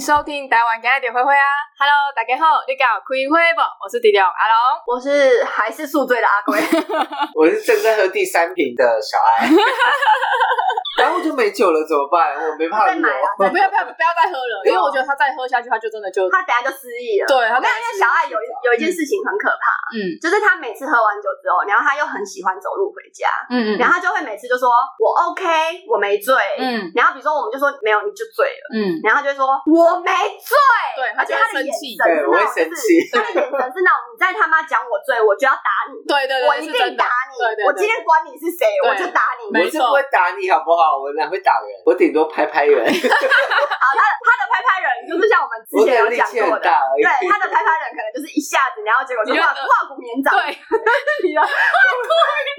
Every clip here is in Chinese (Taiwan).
收聽台灣金仔日就花花啊！Hello，大家好，你叫我花花不？我是滴滴龍阿龍，我是還是宿醉的阿龜， 我是正在喝第三瓶的小艾。 然後我就沒酒了，怎麼辦？我沒辦法。再買啊！不要不要不要再喝了，因為我覺得他再喝下去，他就真的就他等下就失憶了。對，他因為小艾有一有一件事情很可怕，嗯，就是他每次喝完酒之後，然後他又很喜歡走路回家，嗯，然後他就會每次就說我 OK 我沒醉，嗯，然後比如說我們就說沒有你就醉了，嗯，然後他就說我沒醉，對他就會生氣，對，我會生氣。他的眼神是那種你再他媽講我醉，我就要打你，對對對，我一定打你，我今天管你是誰，我就打你，我就不會打你好不好？我哪會打人？我頂多拍拍人。 好，他的他的拍拍人就是像我們之前有講過的，對，他的拍拍人可能就是一下子，然後結果就化化、呃、骨綿掌對，你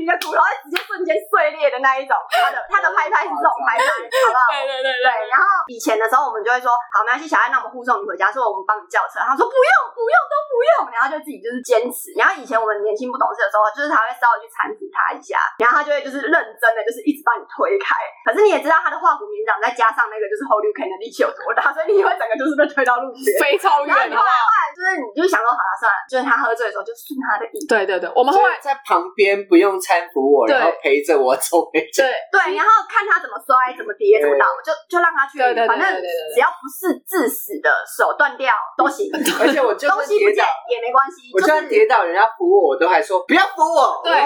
的骨頭會直接瞬間碎裂的那一種。他的他的拍拍是這種拍拍，好不好？對對對對，對。然後以前的時候，我們就會說，好，沒關係，小艾，那我們護送你回家，說我們幫你叫車。他說不用不用都不用，然後就自己就是堅持。然後以前我們年輕不懂事的時候，就是他會稍微去攙扶他一下，然後他就會就是認真的就是一直幫你推開。可是你也知道他的化骨綿掌，再加上那個就是 Holy Can 的力氣有多大，所以你會整個就是被推到路邊，非常遠。然後後來就是你就想說，好了，算了，就是他喝醉的時候，就順他的意。對對對，我們後來在旁邊不用攙扶我，然後陪着我走。對對，然後看他怎麼摔、怎麼跌、怎麼倒，就就讓他去，反正只要不是致死的手斷掉都行。而且我就東西不見也沒關係，就算跌倒人家扶我，我都還說不要扶我，我沒，對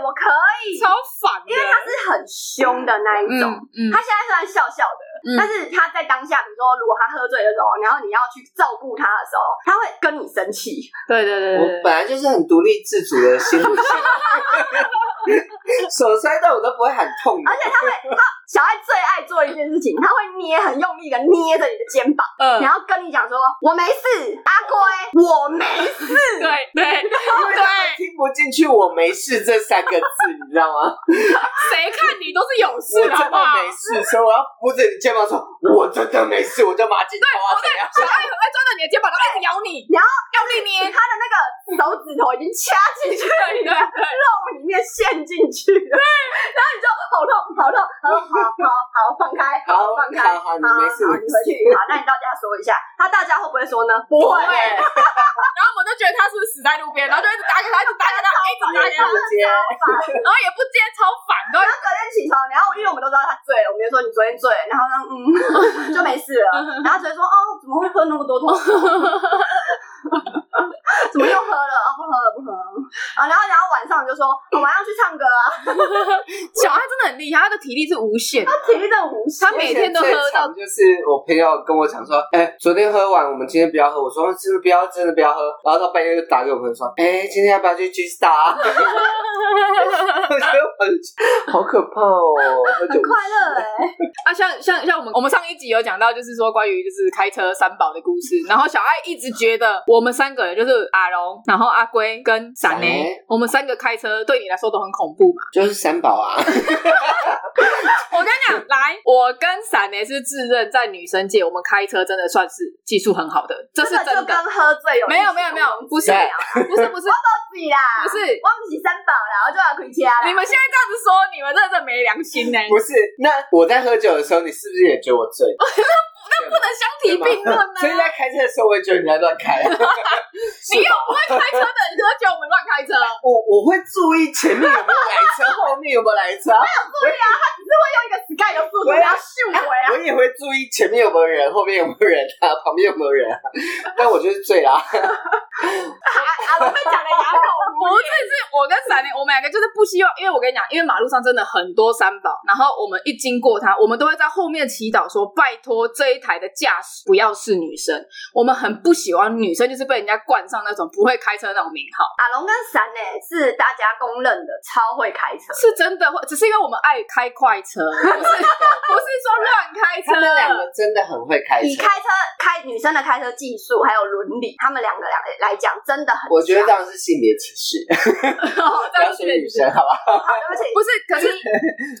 我可以超反，因為他是很凶。的那一種，嗯嗯、他現在算笑笑的。嗯、但是他在當下，比如說如果他喝醉的時候，然後你要去照顧他的時候，他會跟你生氣。對對對，對，我本來就是很獨立自主的新女性， 手摔到我都不會很痛的。而且他會，他小艾最愛做一件事情，他會捏很用力的捏着你的肩膀，嗯、然後跟你講說：“我沒事，阿龜，我沒事。 對”對對對，他聽不進去“我沒事”這三個字， 你知道嗎？誰看你都是有事的，我真的沒事，所以我要扶着你肩膀。.我真的沒事，我、啊，我叫馬景濤啊， 你的肩膀在一直咬你，然後用力捏，他的那個手指頭已經掐進去了，你的肉裡面陷進去了，然後你就好痛，好痛，好說好好好放開，好放開，好你沒事，你回去，好，那你到家說一下，他到家會不會說呢？不會，然後我們都覺得他是不是死在路邊，然後就一直打給他，一直打給他，一直打給他，然後也不接，超煩，對。然後隔天起床，然後因為我們都知道他醉了，我們就說你昨天醉，然後呢，嗯，就沒事了，然後誰說哦，怎麼會喝那麼多多？哈哈哈哈 怎麼又喝了？Oh, 不喝了不喝了，不喝啊！然後，然後晚上就說，oh, 我馬上去唱歌啊！ 小艾真的很厲害，他的體力是無限的，他體力真的無限，他每天都喝到。就是我朋友跟我講說，哎、欸，昨天喝完，我們今天不要喝。我說，真的不要，真的不要喝。然後到半夜就打給我朋友說，哎、欸，今天要不要去 G Star？ 很好可怕哦！很很快樂哎、欸！ 啊像，像像我們我們上一集有講到，就是說關於就是開車三寶的故事。然後小艾一直覺得我。我們三個人就是阿龍，然後阿龜跟傻妹、欸，我們三個開車對你來說都很恐怖嘛。就是三寶啊！ 我跟你講，來，我跟傻妹是自認在女生界，我們開車真的算是技術很好的，這是真的。真的就跟喝醉有，沒有？沒有沒有沒有，不是，對 不是不是，忘比啦，不是，忘記三寶了，我就要開車了。你們現在這樣子說，你們真的是沒良心呢。 不是，那我在喝酒的時候，你是不是也覺得我醉？ 那不能相提並論呢。所以在開車的時候，也覺得你在亂開。你又不會開車的，你就會覺得我們亂開車。我我會注意前面有沒有來車，後面有沒有來車？我有注意啊，他只是會用一個 SKY 的速度來秀我啊。我也會注意前面有沒有人，後面有沒有人啊，旁邊有沒有人啊？但我就是醉啦。阿龍講的啞口，不是，是我跟閃靈，我們兩個就是不希望，因為我跟你講，因為馬路上真的很多三寶，然後我們一經過他，我們都會在後面祈禱說：拜託這。台的駕駛不要是女生，我們很不喜歡女生，就是被人家冠上那種不會開車那種名號。阿龍跟山餒是大家公認的超會開車，是真的，只是因為我們愛開快車，不是不是說亂開車。他們兩個真的很會開車，以開車開女生的開車技術還有倫理，他們兩個兩來講真的很。我覺得這樣是性別歧視，不要隨便女生好不好，好對不起。不是，可是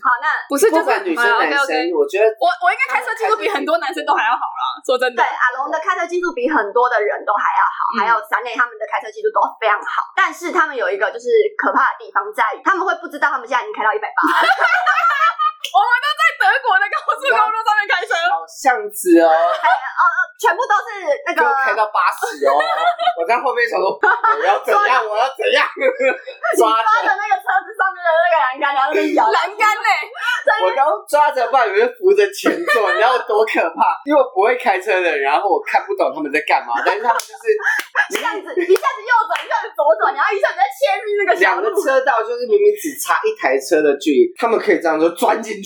好那不是不管女生男生，我覺得我我應該開車技術比很多男生。都還要好啦，說真的，對，阿龍的開車技術比很多的人都還要好，嗯、還有山餒他們的開車技術都非常好，但是他們有一個就是可怕的地方在於，他們會不知道他們現在已經開到一百八。 我們都在德國的高速公路上面開車，小巷子哦，對、哎、哦，全部都是那個我開到八十哦， 我在後面想說我要怎樣，我要怎樣，抓着那個車子上面的那個欄杆，然後在搖欄杆呢。 杆欸、我剛抓着，不然扶着前座，你知道多可怕？因為我不會開車的，然後我看不懂他們在幹嘛，但是他們就是這樣 子，一下子右轉，一下子左轉，然後一下子在切入那個兩個車道，就是明明只差一台車的距離，他們可以這樣子鑽進去。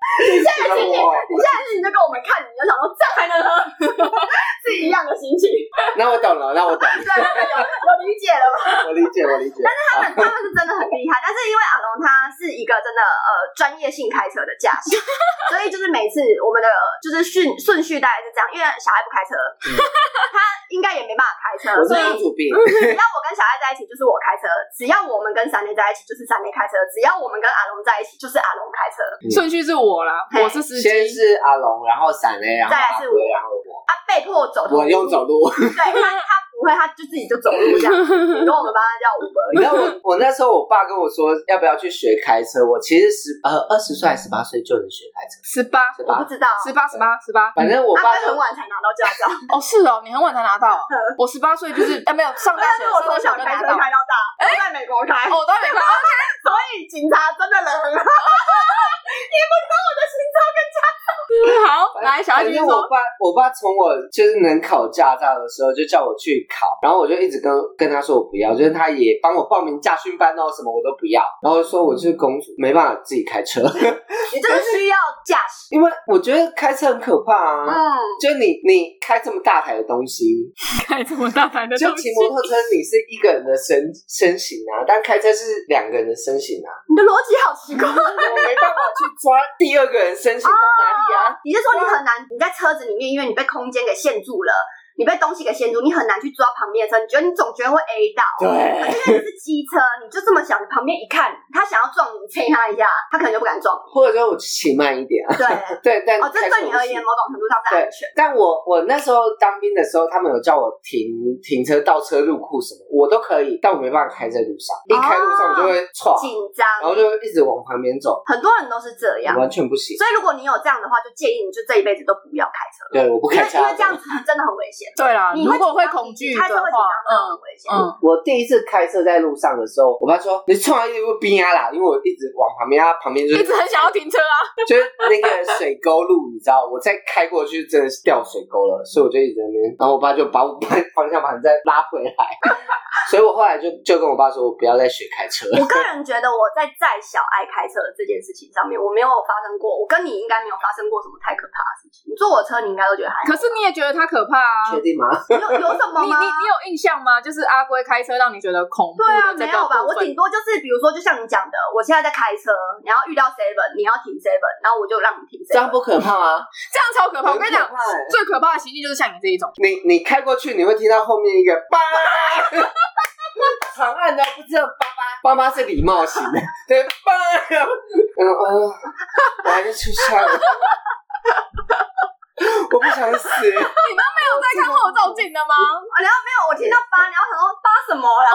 你現在心情，你現在心情就跟我們看你，就想說這還能喝，是一樣的心情。 那我懂了，那我懂了，懂 對，我理解了，我理解，我理解。但是他們好他們是真的很厲害，但是因為阿龍他是一個真的呃專業性開車的駕駛， 所以就是每次我們的就是順順序大概是這樣，因為小艾不開車，嗯、他應該也沒辦法開車，我是公主病、嗯、 所以只要我跟小艾在一起就是我開車，只要我們跟山餒在一起就是山餒開車，只要我們跟阿龍在一起就是阿龍開車，順、嗯、序是我。我，我是司機，先是阿龍，然後閃雷，然後阿龜，然後我，啊，被迫走路，我用走路， 對，不會，他就自己就走路這樣，然後我們幫他要五，你知道我我那時候我爸跟我說要不要去學開車，我其實十呃二十歲還是十八歲就能學開車。十八十八不知道，十八十八十八，反正我爸很晚才拿到駕照。哦，是哦，你很晚才拿到。我十八歲就是哎沒有上大學，我從小開車開到大，我在美國開，我都在美國開。所以警察真的人很好。你不知道我的新跟駕照。好，來小，反正我爸我爸從我就是能考駕照的時候就叫我去。考，然後我就一直跟跟他說我不要，就是他也幫我報名駕訓班哦，什麼我都不要。然後說我是公主，沒辦法自己開車， 你真的需要駕駛，因為我覺得開車很可怕啊。嗯，就你你開這麼大台的東西，開這麼大台的東西， 就騎摩托車你是一個人的身身形啊，但開車是兩個人的身形啊。你的邏輯好奇怪，我沒辦法去抓第二個人身形到哪裡啊？哦，你就說你很難，哦，你在車子裡面，因為你被空間給限住了。你被東西給掀住，你很難去抓旁邊的車。你覺得你總覺得會 A 到，喔對啊，因為你是機車，你就這麼想，你旁邊一看他想要撞你，推 他一下，他可能就不敢撞。或者說我騎慢一點啊。對對， 對。但 哦，這對你而言某種程度上不安全。但我我那時候當兵的時候，他們有叫我停停車、倒車、入庫什麼，我都可以。但我沒辦法開在路上，哦，一開路上我就會錯緊張，張然後就一直往旁邊走。很多人都是這樣，完全不行。所以如果你有這樣的話，就建議你就這一輩子都不要開車了。對，我不開車因，因為這樣子真的很危險。對啦，你如果會恐懼的話，會危險。嗯嗯，嗯，我第一次開車在路上的時候，嗯、我爸說你撞到一部冰鴨啦，因為我一直往旁邊、啊，旁邊就一直很想要停車啊，就是那個水溝路，你知道，我再開過去真的是掉水溝了，所以我就一直在那邊。然後我爸就把，我把方向盤再拉回來， 所以我後來就就跟我爸說我不要再學開車。我個人覺得我在載小艾開車的這件事情上面，我沒有發生過，我跟你應該沒有發生過什麼太可怕的事情。你坐我車你應該都覺得還，可是你也覺得他可怕啊。定嗎？有有什麼 你你，你有印象嗎？就是阿龜開車，讓你覺得恐怖？對啊，沒有吧？我頂多就是比如說，就像你講的，我現在在開車，然後遇到 seven，你要停 seven，然後我就讓你停。這樣不可怕啊，這樣超可怕！我跟你講，最可怕的行境就是像你這一種。你你開過去，你會聽到後面一個爸。 長按的不知道，爸爸爸爸是禮貌型的， 對爸、 呃呃。我還是出差了。 我不想死！ 你們沒有在看後照鏡的嗎？然後、哦 啊、沒有，我聽到叭，然後想說叭什麼啦？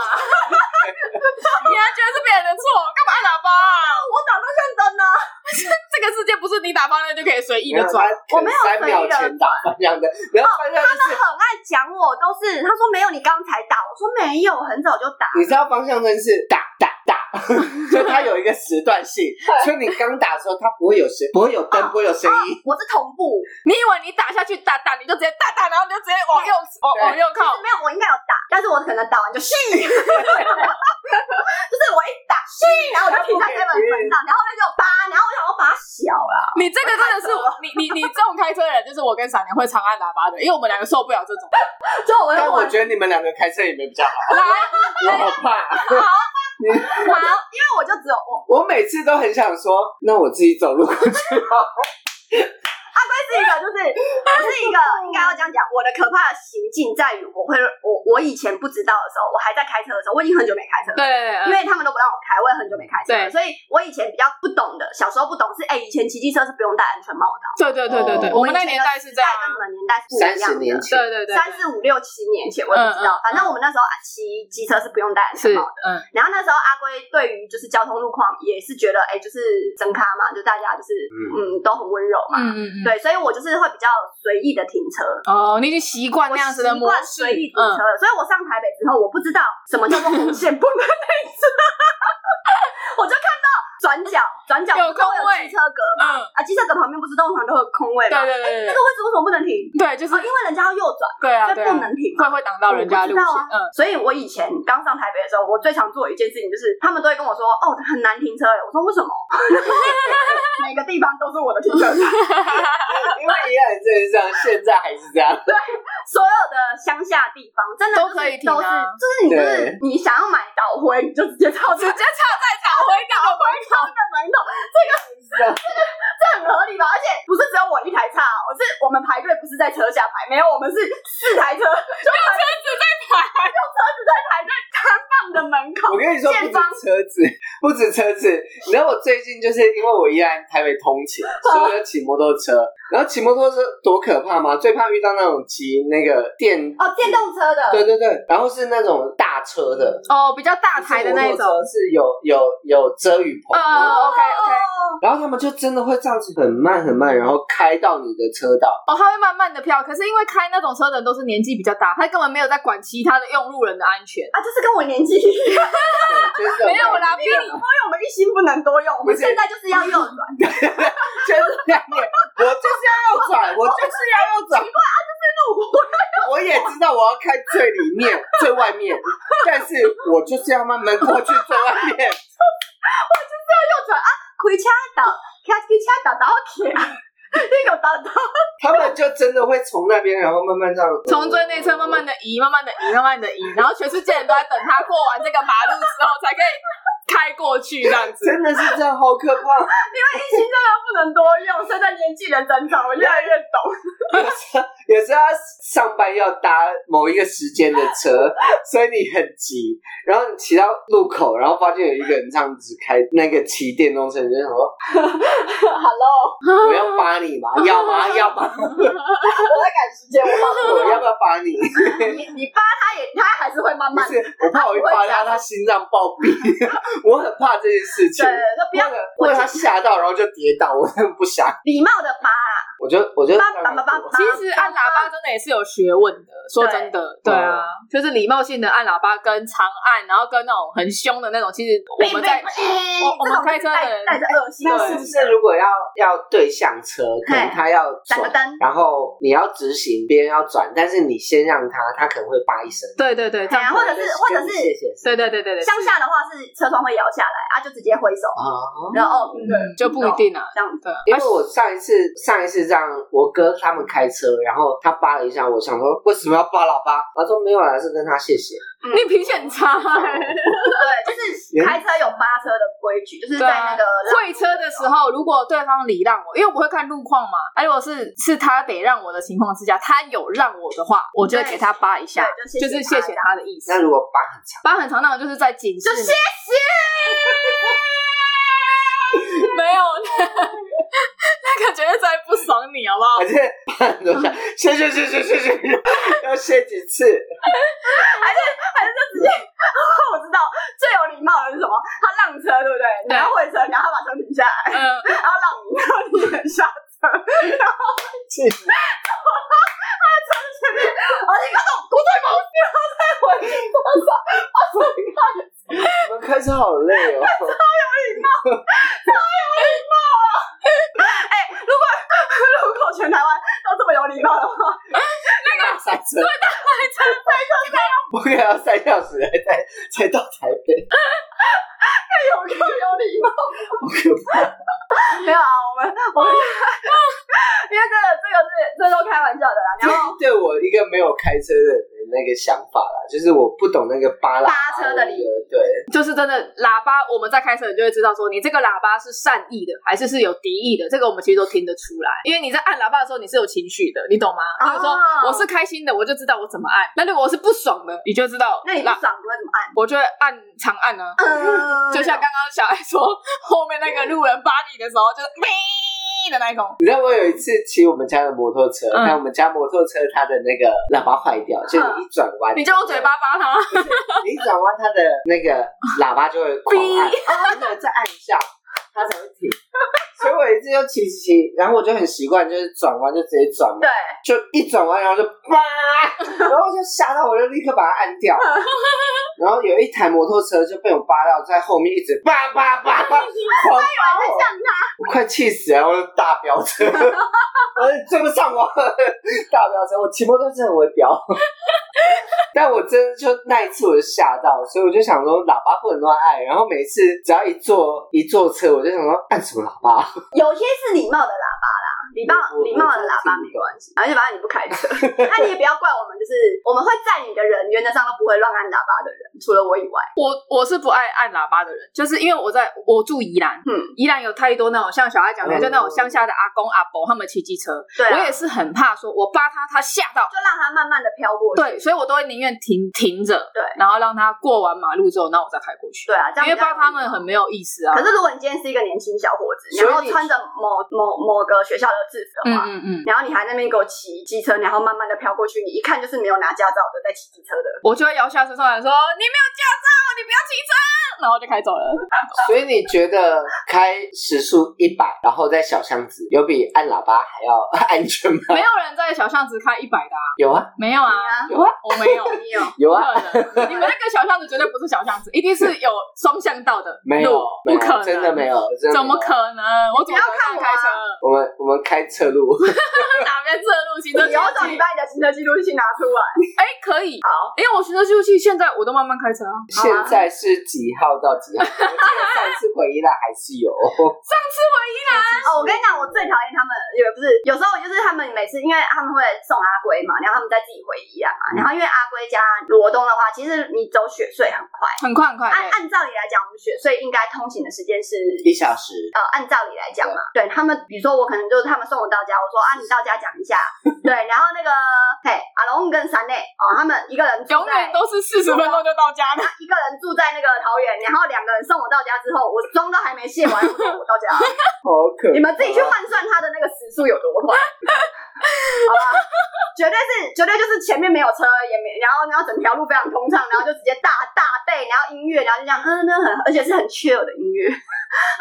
你還覺得是別人的錯？幹嘛要打叭、啊？我打都認真呢。 這個世界不是你打方向就可以隨意的轉，你要我沒有。三秒前打方向的，兩個不要翻、就是哦、他們很愛講我，都是他說沒有，你剛才打，我說沒有，很早就打。你知道方向燈是打打打，所以 它有一個時段性， 所以你剛打的時候，它不會有聲， 不會有燈，啊、不會有聲音、啊啊。我是同步，你。因為你打下去，打打你就直接打打，然後你就直接往右，往往右靠。沒有，我應該有打，但是我可能打完就噓，就是我一打噓，然後我就停在那本分上，然後後面就叭，然後我想我叭小了。你這個真的是，你你你這種開車的人，就是我跟傻娘會長按喇叭的，因為我們兩個受不了這種。但我覺得你們兩個開車也沒比較好，我好怕。好，好，因為我就只有我，我每次都很想說，那我自己走路過去阿龜是一個，就是我是一個，應該要這樣講。我的可怕的行徑在於，我會我我以前不知道的時候，我還在開車的時候，我已經很久沒開車了。對，因為他們都不讓我開，我也很久沒開車。對，所以我以前比較不懂的，小時候不懂是，哎，以前騎機車是不用戴安全帽的。對對對對對，我們那個年代是在，跟你們年代是不一樣的。對對對，三四五六七年前，我也不知道。反正我們那時候騎機車是不用戴安全帽的。嗯，然後那時候阿龜對於就是交通路況也是覺得，哎，就是真咖嘛，就大家就是嗯都很溫柔嘛。嗯嗯。對，所以我就是會比較隨意的停車哦。你已經習慣那樣子的模式，隨意停車了。所以我上台北之後，我不知道什麼叫做紅線不能停車，我就看到轉角轉角都有汽車格嘛，啊，汽車格旁邊不是通常都有空位嘛？對對對，那個位置為什麼不能停？對，就是因為人家要右轉，對啊，不能停，會會擋到人家路線，知道啊。所以我以前剛上台北的時候，我最常做一件事情就是，他們都會跟我說，哦，很難停車欸。我說為什麼？每個地方都是我的停車場。 因為也很正常，現在還是這樣。對，所有的鄉下地方真的都可以，都是都、啊、就是你就是對你想要買導灰，你就直接插，直接插在導灰搞稻灰缸那門口這個灰這個這很合理吧？而且不是只有我一台插我，喔，是我們排隊不是在車下排，沒有，我們是四台車，就車子在。 還用車子在台在攤販的門口。我跟你說不止車子，不止車子。現方 你知道我最近就是因為我宜蘭台北通勤，所以我要騎摩托車。然後騎摩托車多可怕嗎？最怕遇到那種騎那個電哦電動車的，對對對。然後是那種大車的哦比較大台的那一種是有，有有有遮雨棚。哦，OK OK。然後他們就真的會這樣子很慢很慢，然後開到你的車道。哦，他會慢慢的飄。可是因為開那種車的人都是年紀比較大，他根本沒有在管騎。其他的用路人的安全啊，就是跟我年紀 沒有啦，因為 我們一心不能多用，是我們現在就是要右轉，全是亮哈我就是要右轉，我就是要右轉。啊，就是路，我，我也知道我要開最裡面、 最外面，但是我就是要慢慢過去最外面。我就是要右轉啊，開車到，開車到哪裡？那個燈他們就真的會從那邊，然後慢慢這樣，從最內側慢慢的移，慢慢的移，慢慢的移，然後全世界人都在等他過完這個馬路之後，才可以開過去這樣子。真的是這樣，好可怕！因為一心真的不能多用，現在年紀人長，我越來越懂。嗯也是他上班要搭某一個時間的車，所以你很急。然後你騎到路口，然後發現有一個人這樣子開那個騎電動車，就想說哈嘍， Hello? 我要扒你嘛？要嗎？要嗎？ 我在趕時間，我我要不要扒你， 你？你你扒他也他還是會慢慢。是我怕我一扒他，他，他心臟暴斃。 我很怕這件事情。對，對都不要我怕了他嚇到，然後就跌倒。我很不想禮貌的扒。我覺得，我覺得，其實按喇叭真的也是有學問的。說真的，對啊，就是禮貌性的按喇叭跟長按，然後跟那種很兇的那種。其實我們在我們開車的人帶着惡意，那是不是如果要要對向車，可能他要左燈，然後你要直行，別人要轉，但是你先讓他，他可能會叭一聲。對對對，這樣或者是或者是，對對對對對，鄉下的話是車窗會搖下來。他就直接揮手，哦、然後對、嗯嗯，就不一定了，啊、這樣子。因為我上一次上一次這樣，我哥他們開車，然後他叭了一下我，想說為什麼要叭喇叭，我說沒有來，啊、是跟他謝謝。你脾氣很差，欸嗯， 對，就是開車有叭車的規矩，嗯、就是在那個會車的時候，如果對方禮讓我，因為我不會看路況嘛，那如果是是他得讓我的情況之下，他有讓我的話，我就給他叭一下，對就是謝謝他的意思。謝謝。那如果叭很長，叭很長，那種就是在警示你，就謝謝。 沒有，那個絕對在不爽你好不好？謝謝謝謝、謝謝 要謝幾次， 還是還是就直接，我知道最有禮貌的是什麼？他讓車，對不對？你要會車，對然後他把車停下來，呃、然後讓，然後你下超級，哈哈，啊，超級！啊，你看，都都在禮貌，在回應，我操，好有禮貌。我們開車好累哦。超有禮貌，超有禮貌啊！哎，如果如果全台灣都這麼有禮貌的話，那個大我們要三小時才才到台北。 有沒有禮貌， 沒有啊？我們我們 因為這這個是這都是開玩笑的啦，然後對我一個沒有開車的人。那個想法啦，就是我不懂那個叭喇叭車的理由。對，就是真的喇叭。我們在開車，你就會知道說，你這個喇叭是善意的，還是是有敵意的。這個我們其實都聽得出來，因為你在按喇叭的時候，你是有情緒的，你懂嗎？他是、哦、說，我是開心的，我就知道我怎麼按，那如果我是不爽的，你就知道。那你不爽，那拉你會怎麼按？我就會按長按啊，嗯嗯、就像剛剛小艾說，後面那個路人巴你的時候，就是的，你知道我有一次騎我們家的摩托車，那、嗯、我們家摩托車它的那個喇叭壞掉，嗯、就一轉彎，你就用嘴巴扒它， 你一轉彎它的那個喇叭就會狂按，然後、啊哦、再按一下。 他才會停， 所以我一直就騎騎，然後我就很習慣，就是轉彎就直接轉嘛對，就一轉彎然後就叭，然後我就嚇到，我就立刻把它按掉，然後有一台摩托車就被我叭到在後面一直叭叭叭，我快氣死了！我大飆車，我追不上我大飆車，我騎摩托車很會飆。但我真的就那一次，我就嚇到，所以我就想說，喇叭不能亂按。然後每一次只要一坐一坐車，我就想說，按什麼喇叭？有些是禮貌的喇叭。禮貌禮貌的喇叭沒關係，而且反正你不開車，那你也不要怪我們，就是我們會載你的人原則上都不會亂按喇叭的人，除了我以外，我我是不愛按喇叭的人，就是因為我在我住宜蘭，嗯，宜蘭有太多那種像小艾講的，就那種鄉下的阿公阿婆，他們騎機車，對，我也是很怕說，我扒他他嚇到，就讓他慢慢的飄過去，對，所以我都會寧願停停着，對，然後讓他過完馬路之後，那我再開過去，對啊，因為扒他們很沒有意思啊。可是如果你今天是一個年輕小伙子，然後穿着某某某個學校的。的話，嗯嗯，然後你還在那邊給我騎機車，然後慢慢的飄過去，你一看就是沒有拿駕照的在騎機車的，我就會搖下車窗來說，你沒有駕照，你不要騎車，然後就開走了。所以你覺得開時速一百，然後在小巷子，有比按喇叭還要安全嗎？沒有人在小巷子開一百的啊，有啊，沒有啊，有啊，我沒有，你有，有啊，你們那個小巷子絕對不是小巷子，一定是有雙向道的，沒有，不可能，真的沒有，怎麼可能？我只要看開車，我們我們開。開車路 哪邊？開測路行車，有種你把你的行車記錄器拿出來。哎、欸，可以好，因為、欸、我行車記錄器現在我都慢慢開車、啊、現在是幾號到幾號？上、啊、次回宜蘭還是有。 上次回宜蘭、嗯、哦，我跟你講，我最討厭他們，也不是有時候就是他們每次，因為他們會送阿龜嘛，然後他們再自己回宜蘭啊。嘛，然後因為阿龜家羅東的話，其實你走雪隧很快，很快很快。按按道理來講，我們雪隧應該通行的時間是一小時。呃，按道理來講嘛，對，對他們，比如說我可能就是他們。送我到家，我說，啊，你到家講一下， 對，然後那個嘿，阿龍跟山餒哦，他們一個人住在永遠都是四十分鐘就到家，他一個人住在那個桃園，然後兩個人送我到家之後，我妝都還沒卸完， 我到家，好可，你們自己去換算他的那個時速有多快。 好吧， uh, 絕對是，絕對就是前面沒有車，也沒，然後然後整條路非常通暢，然後就直接大大背，然後音樂，然後就這樣，嗯嗯，嗯，而且是很 chill 的音樂，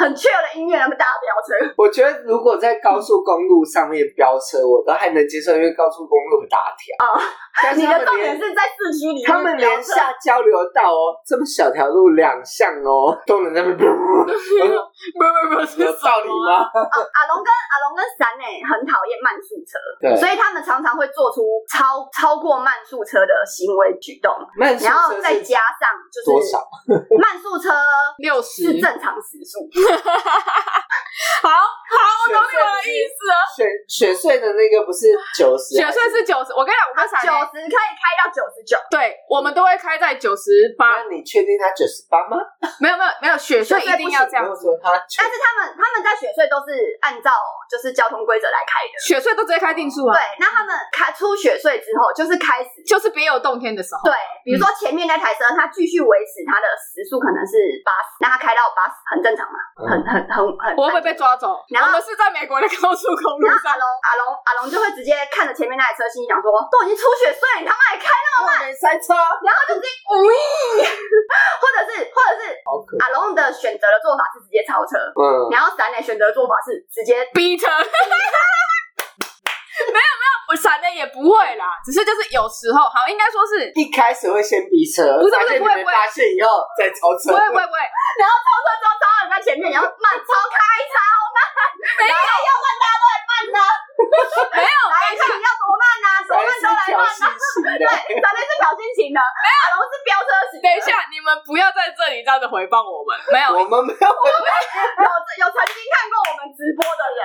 很 chill 的音樂，那麼大飆車。我覺得如果在高速公路上面飆車，我都還能接受，因為高速公路大條。Uh. 你的重點是在市區裡面，他們連下交流道哦，這麼小條路，哦，兩項哦都能在那邊，不不不， 有道理嗎？哦、阿龍跟阿龍跟閃耶，很討厭慢速車，對，所以他們常常會做出超超過慢速車的行為舉動，慢速車然後再加上就是多少慢速車六十是正常時速， 好好，我懂你們的意思。哦。雪雪隧的那個不是九十，雪隧是九十，我跟你講，我跟閃。只可以開到九十九，對，我們都會開在九十八。那你確定他九十八嗎？沒有沒有沒有，雪隧一定要這樣子。但是他們他們在雪隧都是按照就是交通規則來開的，雪隧都直接開定速啊。對，那他們開出雪隧之後，就是開始就是別有洞天的時候。對，比如說前面那台車，它繼續維持它的時速可能是八十，那它開到八十很正常嘛，很很很很，會不會被抓走？我們是在美國的高速公路上。阿龍阿龍阿龍就會直接看着前面那台車，心想說都已經出雪，所以他媽還開那麼慢，閃車，然後就是，或者是或者是阿龍的選擇的做法是直接超車，嗯，然後山餒，選擇的做法是直接逼車，沒有沒有，我山餒也不會啦，只是就是有時候，好，應該說是一開始會先逼車，不是不會不會不會，發現以後再超車，不會不會不會，然後超車中超到人在前面，然後慢超開超慢沒有，要換大家都來慢的，沒有，然一你我們、啊、是挑釁型的，對，閃雷是挑釁型的，啊、情的沒有，我是飆車型的。等一下，你們不要在這裡這樣的回報我們，沒有，我們沒有回放。我們沒有 有，有曾經看過我們直播的人，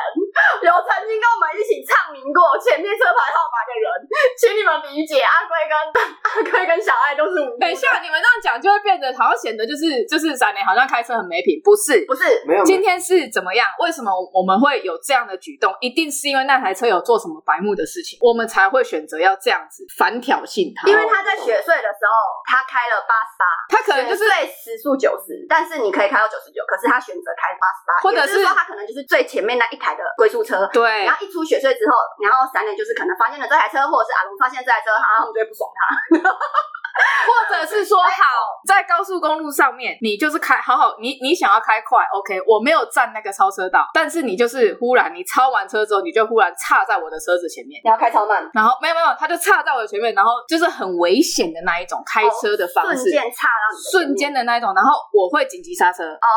有曾經跟我們一起唱名過前面車牌號碼的人，請你們理解。阿龜跟阿龜跟小艾都是。等一下，嗯、你們這樣講就會變得好像顯得就是就是閃雷好像開車很沒品，不是，不是，沒有。今天是怎麼樣？為什麼我們會有這樣的舉動？一定是因為那台車有做什麼白目的事情，我們才會。會選擇要這樣子反挑釁他，因為他在雪隧的時候，哦、他開了八十八，他可能就是時速九十，但是你可以開到九十九，可是他選擇開八十八，或者是,是說他可能就是最前面那一台的龜速車。對，然後一出雪隧之後，然後山餒就是可能發現了這台車，或者是阿龍發現這台車，好像他們最不爽他。 或者是說好在高速公路上面，你就是開好好，你你想要開快，OK，我沒有占那個超車道，但是你就是忽然你超完車之後，你就忽然岔在我的車子前面。你要開超慢，然後沒有沒有，他就岔在我的前面，然後就是很危險的那一種開車的方式，哦、瞬間岔到你瞬間的那一種，然後我會緊急剎車。哦，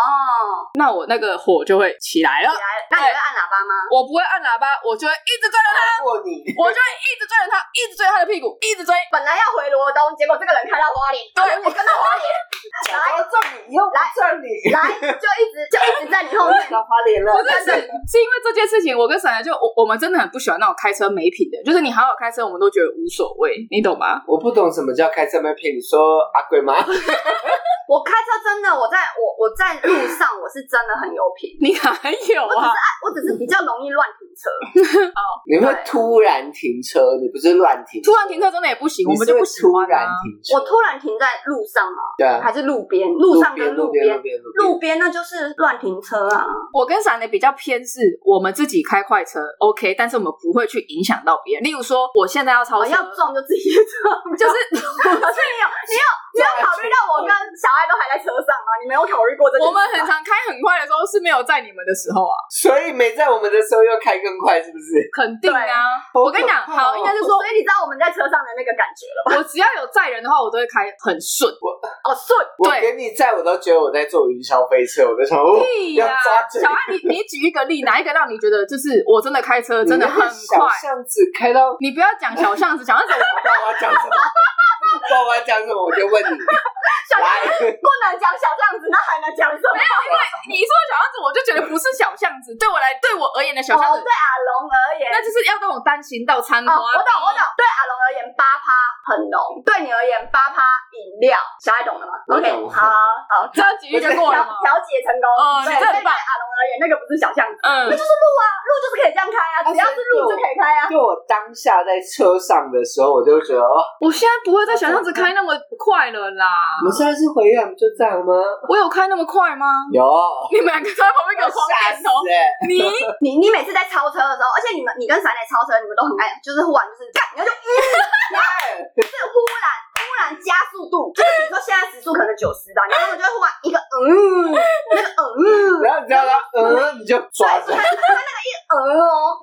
那我那個火就會起來了，你那你會按喇叭嗎？我不會按喇叭，我就會一直追着他，我，過你我就會一直追着他，一直追他的屁股，一直追。本來要回羅東，結果。這個人開到花蓮對，我跟他花蓮來撞你後，來在你，來就一直就一直在你後面，到花蓮了。真的是，因為這件事情，我跟沈爺就我我們真的很不喜歡那種開車沒品的，就是你好好開車，我們都覺得無所謂，你懂嗎？我不懂什麼叫開車沒品，你說阿龜嗎？我開車真的，我在我我在路上，我是真的很有品，你哪有啊？我只是比較容易亂停車。你會突然停車，你不是亂停，突然停車真的也不行，我們就不喜歡我突然停在路上對，yeah, 還是路邊？路上跟路邊，路邊那就是亂停車啊！我跟閃的比較偏是，我們自己開快車 OK，但是我們不會去影響到別人。例如說，我現在要超車、啊，要撞就自己撞，就是。 可是你有你有你有,你有考慮到我跟小艾都還在車上嗎、啊？你沒有考慮過這些、啊？我們很常開很快的時候是沒有載你們的時候啊，所以沒在我們的時候又開更快，是不是？肯定啊！我跟你講，好，應該是說， 所以你知道我們在車上的那個感覺了吧。我只要有載人。然後我都會開很順，我哦順，oh, so, 我給你在對我都覺得我在坐雲霄飛車，我在想哦 yeah, 要扎嘴。小安、啊、你你舉一個例，哪一個讓你覺得就是我真的開車真的很快？ 小巷子開到你不要講小巷子，小巷子 我不知道我要講什麼， 不知道我要講什麼我就問你。小巷子不能講小巷子，那還能講什麼？沒有，因為你說小巷子，我就覺得不是小巷子。對我來，對我而言的小巷子，oh, 對阿龍而言，那就是要讓我單行道餐趴。Oh, 啊、我懂，我懂。對阿龍而言，八趴很濃；對你而言，八趴飲料。小艾懂了嗎？Okay, 我懂哈，好，這樣子就過了調解成功。Oh, 對太棒！嗯、對阿龍而言，那個不是小巷子，嗯、那就是路啊，路就是可以這樣開啊，只要是路就可以開啊。就我，我，我當下在車上的時候，我就覺得，哦、我現在不會在小巷子開那麼快了啦。我們雖然是回來我就這樣嗎？我有開那麼快嗎？有，你們兩個在旁邊給我狂點頭。你你你每次在超車的時候，而且你們你跟閃磊超車，你們都很愛就是忽然就是幹，然後就嗚，是忽然忽然加速度，就是比如說現在時速可能九十到，然後我們就會忽然一個嗯，那個嗯，然後你知道嗎嗯，你就抓死他，那個一嗯。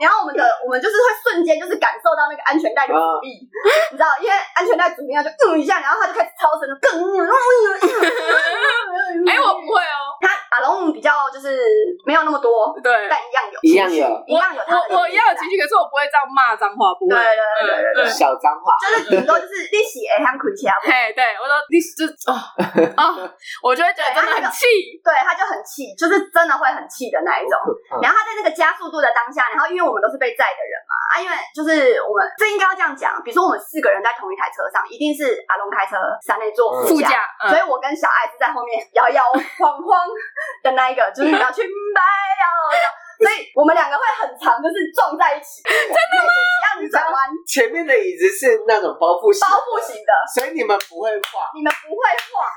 然後我們的 我們就是會瞬間就是感受到那個安全帶的阻力，啊、你知道，因為安全帶怎麼樣就嗯、呃、一下，然後他就開始超神，嗯。 哎，我不會哦，他阿龍比較就是。是沒有那麼多，對，但一樣有，一樣有，一樣有。我一樣有情緒，可是我不會這樣罵髒話，不會，對對，對對對，嗯、小髒話，就是你都是歷史，哎，很 critical 嘿，對，我說你史，哦哦，我就會覺得真的氣、啊這個，對，他就很氣，就是真的會很氣的那一種。然後他在那個加速度的當下，然後因為我們都是被載的人嘛，啊，因為就是我們這應該要這樣講，比如說我們四個人在同一台車上，一定是阿龍開車，山餒坐副駕，附加嗯、所以我跟小艾是在後面搖搖晃晃的那一個，就是。打去擺有，是所以我們兩個會很常，就是撞在一起。真的你一你轉彎，前面的椅子是那種包覆。包覆型的，所以你們不會晃。你們不會晃。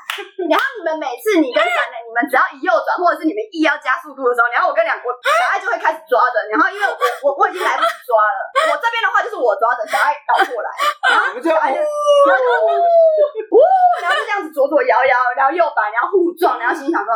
然後你們每次你跟男的，你們只要一右轉，或者是你們一、e、要加速度的時候，然後我跟兩個小愛就會開始抓着，然後因為我我我已經來不及抓了，我這邊的話就是我抓着小愛倒過來，然後小愛就嗚、是、嗚，然後就這樣子左左搖搖，然後右擺，然後互撞，然後心想說。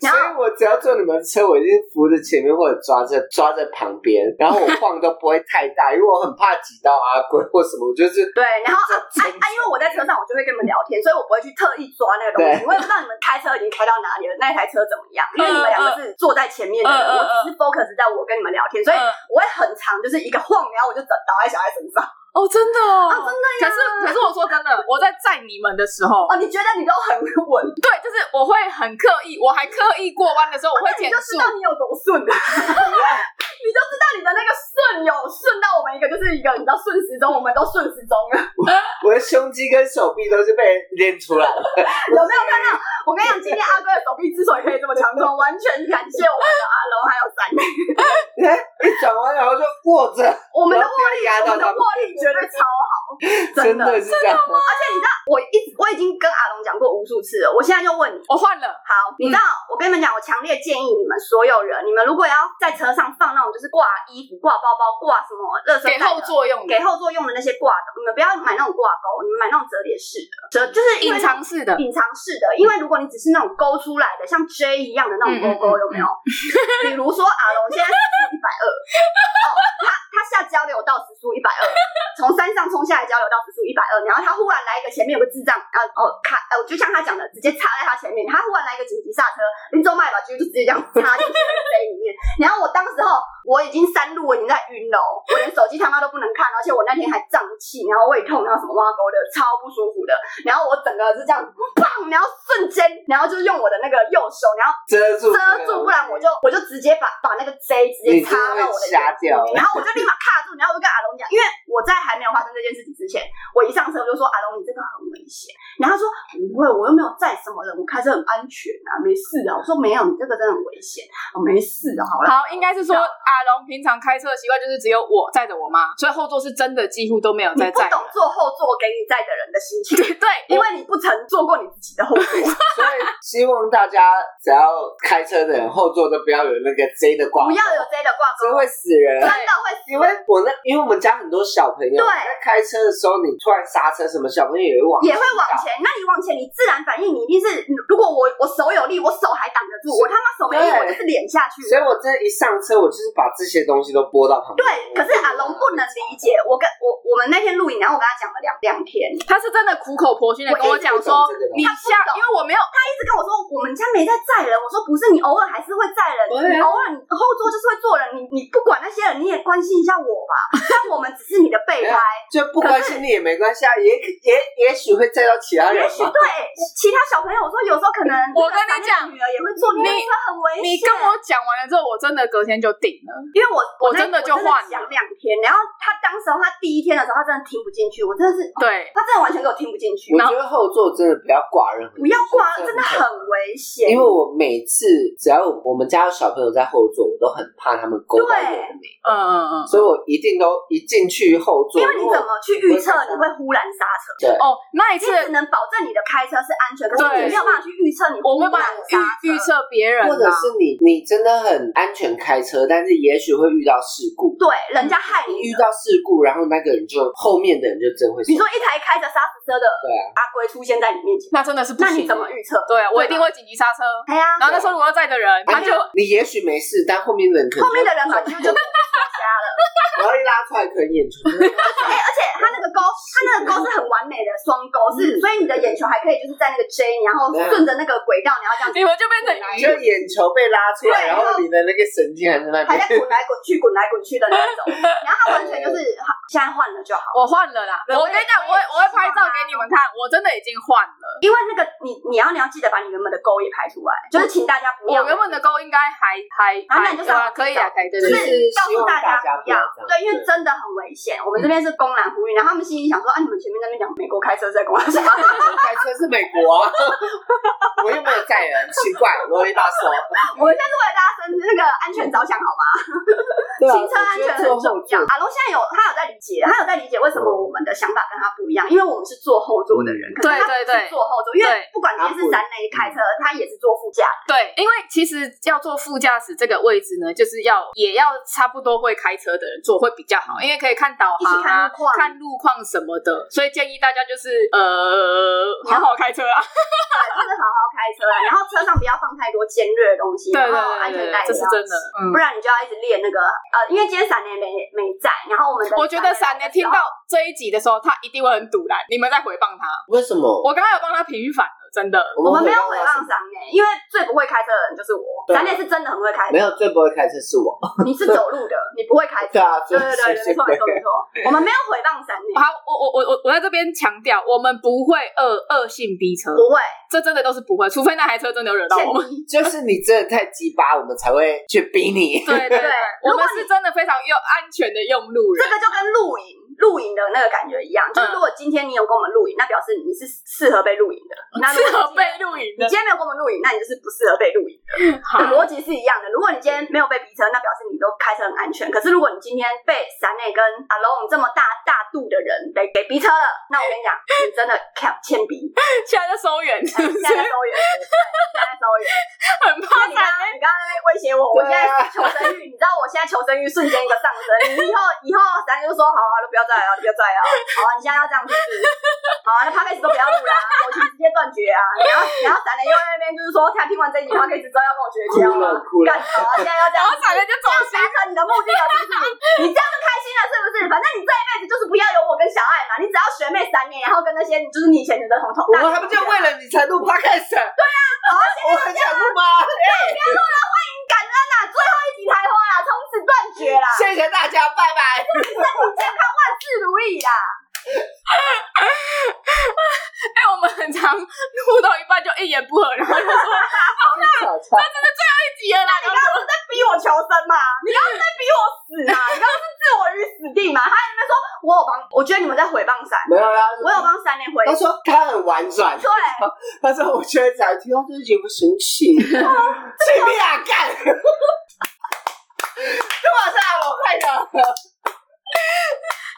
所以我只要坐你們的車，我已經扶着前面或者抓着抓在旁邊，然後我晃都不會太大， 因為我很怕擠到阿龜或什麼，我就是對。然後啊啊，啊，因為我在車上，我就會跟你們聊天，所以我不會去特意抓那個東西。對我也不知道你們開車已經開到哪裡了，那一台車怎麼樣？因為你們兩個是坐在前面的，啊啊、我只是 focus 在我跟你們聊天，所以我會很常就是一個晃，然後我就倒在小孩身上。哦，真的哦，啊、真的可是，可是，可是我說真的，我在載你們的時候，哦，你覺得你都很穩？對，就是我會很刻意，我還刻意過彎的時候，我會減速，哦、你就知道你有多順 你就知道你的那個順有順到我們一個就是一個，你知道順時鐘，我們都順時鐘了我。我的胸肌跟手臂都是被練出來了。 有沒有看到？我跟你講，今天阿龜的手臂之所以可以這麼強壯，完全感謝我們的阿龍還有三妹。你看，一轉彎然後就握着，我們的握力，然們我們的握力。絕對超好，真的是這樣。而且你知道，我一直我已經跟阿龍講過無數次了。我現在就問你，我換了。好。你知道，我跟你們講，我強烈建議你們所有人，你們如果要在車上放那種就是掛衣服、掛包包、掛什麼熱身給後座用的。給後座用的那些掛的，你們不要買那種掛鈎，你們買那種折疊式的，折就是隱藏式的，隱藏式的。因為如果你只是那種勾出來的，像 J 一樣的那種勾勾，有沒有？比如說阿龍現在是一百二。他下交流道時速一百二，從山上衝下來交流道時速一百二，然後他忽然來一個前面有個智障，然、啊、後哦卡，我、呃、就像他講的，直接插在他前面。他忽然來一個緊急剎車，林周麥吧，直接就直接這樣插進那個賊裡面。然後我當時候我已經山路我已經在暈了，我連手機他媽都不能看，而且我那天還脹氣，然後胃痛，然後什麼挖溝的超不舒服的。然後我整個是這樣子，然後瞬間，然後就用我的那個右手，然後遮住遮住，不然我就我就直接把把那個賊直接插到我的下腳。然後我就。立馬卡住，然後我就跟阿龍講，因為我在還沒有發生這件事情之前，我一上車我就說阿龍，你這個很危險。然後他說、哎、不會，我又沒有載什麼人，我開車很安全啊，沒事的、啊。我說沒有，你這個真的很危險，我、哦、沒事的、啊，好了。好，好應該是說阿龍、啊啊、平常開車的習慣就是只有我載着我媽，所以後座是真的幾乎都沒有在載。你不懂坐後座給你載的人的心情，對，對，因為你不曾坐過你自己的後座。 所以希望大家只要開車的人後座都不要有那個 Z 的掛，不要有 Z 的掛鈎，真會死人，對真的會死。因為我那，因為我們家很多小朋友對在開車的時候，你突然剎車，什麼小朋友也會往前，也會往前。那你往前，你自然反應，你一定是如果我我手有力，我手還擋得住，是我他媽手沒力，對我就是臉下去。所以，我真的一上車，我就是把這些東西都撥到旁邊。對，可是阿龍不能理解。我跟我我們那天錄影，然後我跟他講了兩兩天，他是真的苦口婆心的，我跟我講說，你像因為我沒有，他一直跟我說我們家沒在載人，我說不是，你偶爾還是會載人，對啊、你偶爾你後座就是會坐人，你你不管那些人，你也關心。一下我吧，但我們只是你的備胎，就不關心你也沒關係啊。也也也許會載到其他人，也許對其他小朋友說，有時候可能我跟他講，女兒也會坐，你很危險。你跟我講完了之後，我真的隔天就定了，因為我我真的就換講兩天。然後他當時他第一天的時候，他真的聽不進去，我真的是對，他真的完全給我聽不進去。我覺得後座真的不要掛任何，不要掛，真的很危險。因為我每次只要我們家有小朋友在後座，我都很怕他們勾到我的嗯嗯嗯。所以我一定都一進去後座，因為你怎麼去預測你會忽然剎車？對哦，那一次能保證你的開車是安全的。可是你沒有辦法去預測你，我會把預預測別人，或者是你你真的很安全開車，但是也許會遇到事故。對，人家害你遇到事故，然後那個人就後面的人就真會。你說一台開着剎車車的對啊阿龜出現在你面前，那真的是那你怎麼預測？對啊，我一定會緊急剎車。對呀，然後那時候我要載的人他就你也許沒事，但後面的人後面的人肯定就。加了，然後一拉出來，可以演出。哎，而且它那個勾，它那個勾是很完美的雙勾。是，所以你的眼球還可以，就是在那個 J，然後順着那個軌道，你要這樣，你們就變成你就眼球被拉出來，然後你的那個神經還在那邊，還在滾來滾去，滾來滾去的那種。然後他完全就是現在換了就好，我換了啦。我跟你講，我我會拍照給你們看，我真的已經換了。因為那個你你要你要記得把你原本的勾也拍出來，就是請大家不要，我原本的勾應該還還還，就是可以啊，可以，就是告訴大家。一要。對，因為真的很危險。我們這邊是公然呼籲，然後他們心裡想說：啊，你們前面那邊講美國開車在公路上，開車是美國，我又沒有載人，奇怪，羅一達說，我們現在是為了大家身那個安全着想，好嗎？行車安全很重要。啊，龍現在有他有在理解，他有在理解為什麼我們的想法跟他不一樣，因為我們是坐後座的人，可是他坐後座，因為不管今天是山餒開車，他也是坐副駕。對，因為其實要坐副駕駛這個位置呢，就是要也要差不多會開車的人坐會比較好，因為可以看導航啊、看路、看路況什麼的。所以建議大家就是呃，要好好開車啊，哈， 就是好好開車啊。然後車上不要放太多尖銳的東西，對、對、對、對，安全帶，這是真的，嗯、不然你就要一直練那個呃，因為今天山餒沒沒在，然後我們我覺得山餒聽到這一集的時候，他一定會很堵爛。你們在毀謗他？為什麼？我剛剛有幫他平反。真的，我們沒有毀謗山餒，因為最不會開車的人就是我。山餒是真的很會開車，沒有最不會開車是我。你是走路的，你不會開車。對對對，沒錯沒錯沒錯。我們沒有毀謗山餒。好，我我我我我在這邊強調，我們不會惡惡性逼車，不會，這真的都是不會，除非那台車真的有惹到我們。就是你真的太雞巴，我們才會去逼你。對對，我們是真的非常有安全的用路人，這個就跟路一樣。錄影的那個感覺一樣，就是如果今天你有跟我們錄影，那表示你是適合被錄影的。適合被錄影。你今天沒有跟我們錄影，那你就是不適合被錄影。邏輯好是一樣的。如果你今天沒有被逼車，那表示你都開車很安全。可是如果你今天被山餒跟阿龍這麼大大度的人給給逼車了，那我跟你講，你真的靠鉛筆，現在就收遠,遠, 遠，現在收遠，現在收遠。很怕山餒你剛剛威脅我，我現在求生欲，啊、你知道我現在求生欲瞬間一個上升。你以後以後山餒就說好、啊，好好的不要。在啊，你就要在啊！好啊，你現在要這樣子，好、啊，那他 o d 都不要錄啦，我直接斷絕啊！然後你要閃了，因為那邊就是說，他聽完這一句話，可以直接要跟我絕交、啊、了。幹啥？現在要這樣子，要達成你的目的了，你這樣就開心了，是不是？反正你這一輩子就是不要有我跟小愛嘛，你只要學妹三年，然後跟那些就是你以前的同頭。我還不就為了你才錄 podcast？對啊，好我很想錄嗎？不要錄了，歡迎感恩啊！最後一集台花啦，從此斷絕啦！謝謝大家，拜拜，身體健康，萬。是如意啦！哎，我們很常錄到一半就一言不合，然後就說打崩了，那真的最後一集了啦。那你剛剛是在逼我求生嗎？你剛剛是在逼我死嗎？你這是置我於死地嘛？他有沒有說我有幫？我覺得你們在毀謗三。沒有啦，我有幫三連回。他說他很婉轉。對。他說我覺得在聽到這一集神生氣，這什幹呀？幹！我操！我快的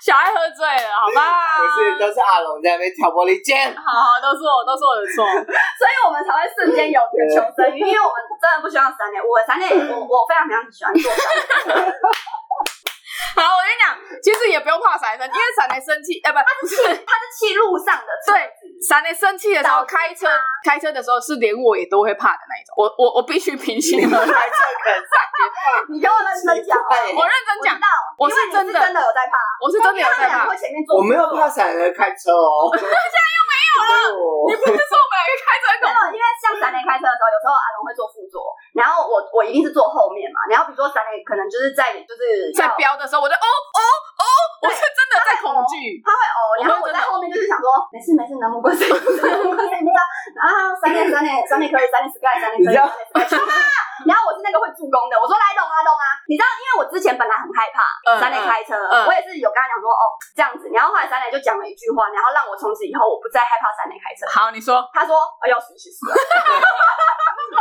小愛喝醉了，好不好？不是，都是阿龍在那邊挑撥離間。好好，都是我，都是我的錯， 所以我們才會瞬間有求生慾， 因為我們真的不需要三年，我三年，嗯、我非常非常喜歡做。 好，我跟你講，其實也不用怕閃雷，因為閃雷生氣，呃、欸，不是，他是氣路上的。對，閃雷生氣的時候，開車開車的時候是連我也都會怕的那一種。我我我必須平心開車跟 你給我，怪我認真講，我認真講，我是真的是真的有在怕，我是真的有在怕。我沒有怕閃雷開車哦。 你不是說，你開車，很懂嗎？因為像山餒開車的時候，有時候阿龍會坐副座，然後我我一定是坐後面嘛。然後比如說山餒可能就是在就是在飆的時候，我就哦哦哦，我是真的在恐懼。他會哦，然後我在後面就是想說，沒事沒事，能不過係，沒關山餒山餒山餒可以，山餒死可山餒，然後我是那個會助攻的，我說來，懂啊懂啊。你知道，因為我之前本來很害怕山餒開車，我也是有跟他講說哦這樣子。然後後來山餒就講了一句話，然後讓我從此以後我不再害怕。他山餒開車，好，你說，他說，啊，要死一起死。啊，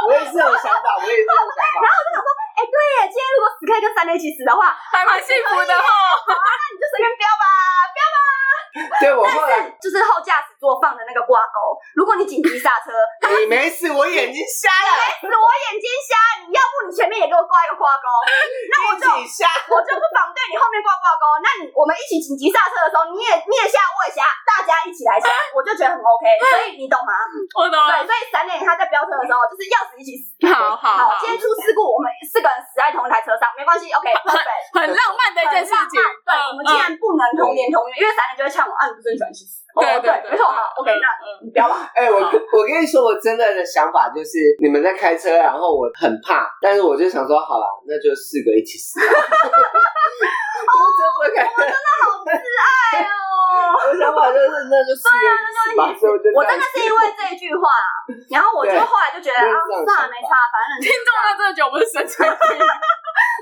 我也是有想法，我也是有想法，然後我就想說，哎，欸，對耶，今天如果死可以跟山餒一起死的話，還蠻幸福的哈，那你就隨便飆吧，飆吧。對，我後就是後駕駛。我放的那個掛鈎，如果你緊急剎車，你沒事，我眼睛瞎了。沒事，我眼睛瞎。你要不你前面也給我掛一個掛鈎，那我就我就不反對你後面掛掛鈎。那你我們一起緊急剎車的時候，你也你也瞎，我也瞎，大家一起來瞎，我就覺得很 OK。所以你懂嗎？我懂。對，所以閃臉他在飆車的時候，就是要死一起死。好好好，今天出事故，我們四個人死在同一台車上，沒關係，OK。對，很浪漫的一件事情。對，我們竟然不能同年同月，因為閃臉就會嗆我暗度陳倉去哦對，沒錯，OK，那你不要吧。哎，我我跟你說，我真的的想法就是，你們在開車，然後我很怕，但是我就想說，好了，那就四個一起死。哦，真的好摯愛哦！我想法就是，那就對啊，那就一起死。我真的是因為這句話，然後我就後來就覺得啊，算了，沒差，反正聽眾了這麼久，不是神經病。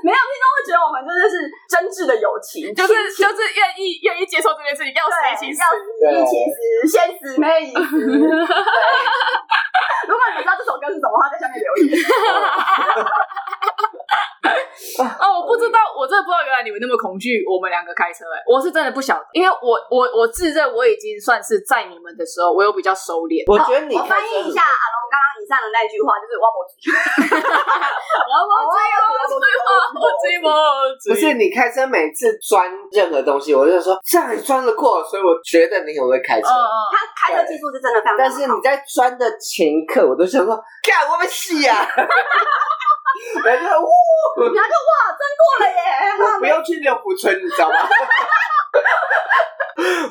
沒有，聽眾會覺得我們真的是真摯的友情，就是親親就是願意願意接受這件事情，要死一起死，要死一起死，先死？先死？沒有意思。 如果你們知道這首歌是什麼話，在下面留言。哦，我不知道，我真的不知道，原來你們那麼恐懼我們兩個開車欸。哎，我是真的不曉得，因為我我我自認我已經算是在你們的時候，我有比較收斂。我覺得你、哦、我翻譯一下阿龍剛剛剛上的那句話就是挖不挖不挖，不是你開車每次鑽任何東西，我就說這樣鑽得過，所以我覺得你很會開車。哦哦，他開車技術是真的，但是你在鑽的前一刻，我都想說，幹，我沒事呀。然後就嗚，哇，鑽過了耶！我不要去六福村，你知道嗎？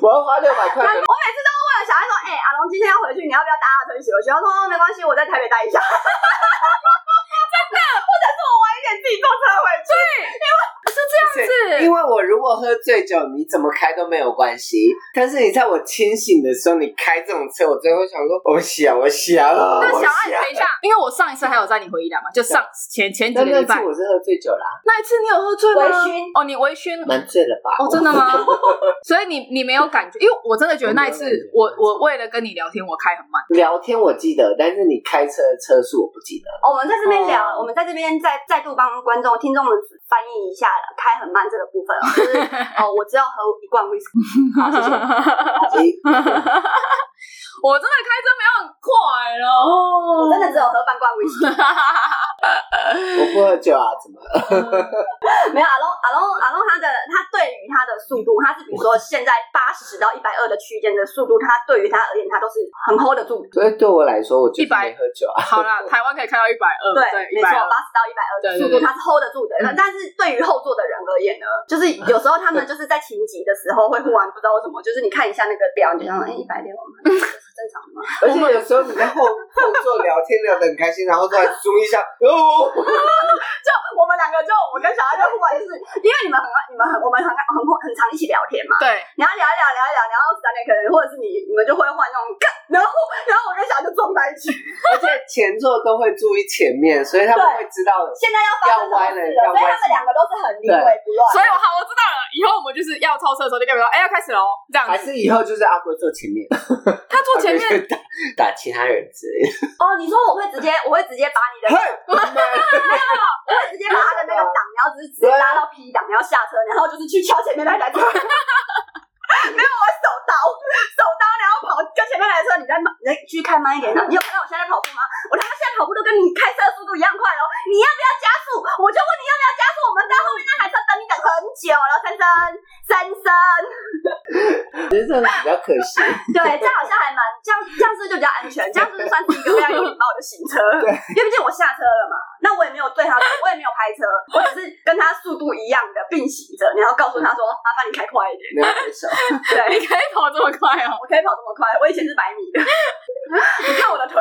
我要花六百塊。我每次都。我小愛說：“哎、欸，阿龍今天要回去，你要不要搭阿騰去？阿騰說：沒關係，我在台北待一下， 真的，或者是我晚一點自己坐車回去。對因為。”是這樣子，因為我如果喝醉酒，你怎麼開都沒有關係。但是你在我清醒的時候，你開這種車，我最後想說，我想我想。那小艾，等一下，因為我上一次還有在你回憶的嘛，就上前前幾個禮拜。那一次我是喝醉酒啦。那一次你有喝醉嗎？微醺。哦，你微醺。蠻醉了吧？哦，真的嗎？所以你你沒有感覺，因為我真的覺得那一次，我我為了跟你聊天，我開很慢。聊天我記得，但是你開車的車速我不記得。我們在這邊聊，我們在這邊再再度幫觀眾聽眾們翻譯一下。開很慢這個部分啊、哦就是，哦，我只要喝一罐威士忌。好，謝謝。我真的開車沒有很快哦，我真的只有喝半罐威士忌。我不喝酒啊，怎麼了？沒有阿龍，阿龍，阿龍，他的他對於他的速度，他是比如說現在八十到一百二的區間的速度，他對於他而言，他都是很 hold 得住。因為對我來說，我覺得。一百喝酒啊。好啦，台灣可以開到一百二，對，沒錯，八十到一百二的速度，他是 hold 得住的。但是對於後座的人而言呢，就是有時候他們就是在情急的時候會玩，不知道為什麼，就是你看一下那個表，你就想，欸，一百六正常嗎？而且有時候你在後 後座聊天聊得很開心，然後再注意一下，哦， 就我們兩個就我跟小艾就不管，就是因為你們很愛你們很我們很很很，很常一起聊天嘛。對，然後聊一聊聊一聊，聊到中點可能或者是你你們就會換那種梗，然後然後我跟小艾就撞在一起。而且前座都會注意前面，所以他們對會知道的。現在要要歪了，歪了，所以他們兩個都是很臨危不亂。所以我好，我知道了，以後我們就是要超車的時候就跟他說，哎，欸，要開始嘍，這樣。還是以後就是阿龜坐前面， 他坐前。打打其他人之類的 哦，你說我會直接，我會直接把你的， 我會直接把他的那個擋然後直接拉到 P 擋，然後下車，然後就是去敲前面那台車。 沒有，我手刀，手刀，然後跑，跟前面那台車，你再慢，你繼續開慢一點。嗯、你有看到我現在在跑步嗎？我他媽現在跑步都跟你開車速度一樣快哦。你要不要加速？我就問你要不要加速？我們在後面那台車等你等很久了，三聲，三聲，其實比較可惜。對，這樣好像還蠻這樣，這樣子就比較安全，這樣子算是一個非常有禮貌的行車。因為對畢竟我下車了嘛，那我也沒有對他，我也沒有拍車，我只是跟他速度一樣的並行着。然後告訴他說，嗯、麻煩你開快一點。沒有對，你可以跑這麼快哦！我可以跑這麼快，我以前是百米的。 你看我的腿，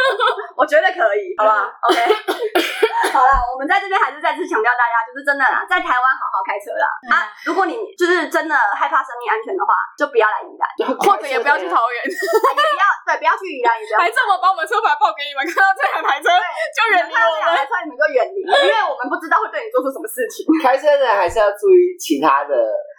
我覺得可以，好不、okay. 好？OK，好了，我們在這邊還是再次強調大家，就是真的啊，在台灣好好開車啦、嗯、啊！如果你就是真的害怕生命安全的話，就不要來宜蘭，或者也不要去桃園， 不要對，不要去宜蘭，也別。還這麼把我們車牌報給你們，看到這兩台車就忍耐，這兩台車你們就遠離，對因為我們不知道會對你做出什麼事情。開車的人還是要注意其他的。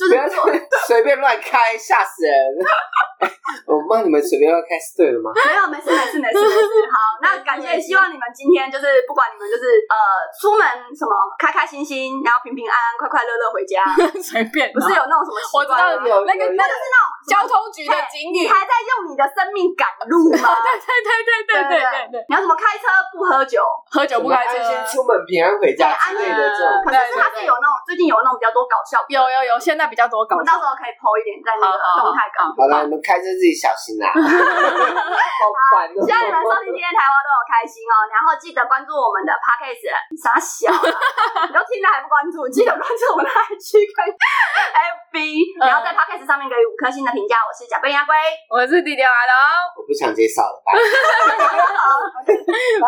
就是隨便亂開，嚇死人！我幫你們隨便亂開是對的嗎？沒有沒事沒事沒事沒事。好，那感謝，希望你們今天就是不管你們就是呃出門什麼開開心心，然後平平安安、快快樂樂回家。隨便，不是有那種什麼我知道有那個那就是那種交通局的警，你還在用你的生命趕路嗎？對對對對對對對你要什麼開車不喝酒，喝酒不開車，先出門平安回家。之類的這種，可是他是有那種最近有那種比較多搞笑，有有有現在。比較多稿，我到時候可以剖一點在那個動態稿高校。好了，你們開車自己小心啦，哈哈，你們收聽今天台灣都豆，開心哦、喔。然後記得關注我們的 p a c k a s t 傻小的，你都聽了還不關注？記得關注我們的 IG 和 b 然後在 p a c k a g e 上面給予五顆星的評價。我是賈貝亞龜，我是弟弟調的哦，我不想介紹了，拜拜、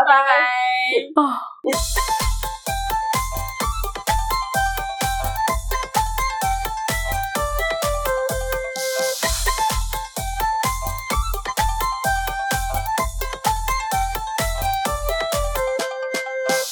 拜拜哦。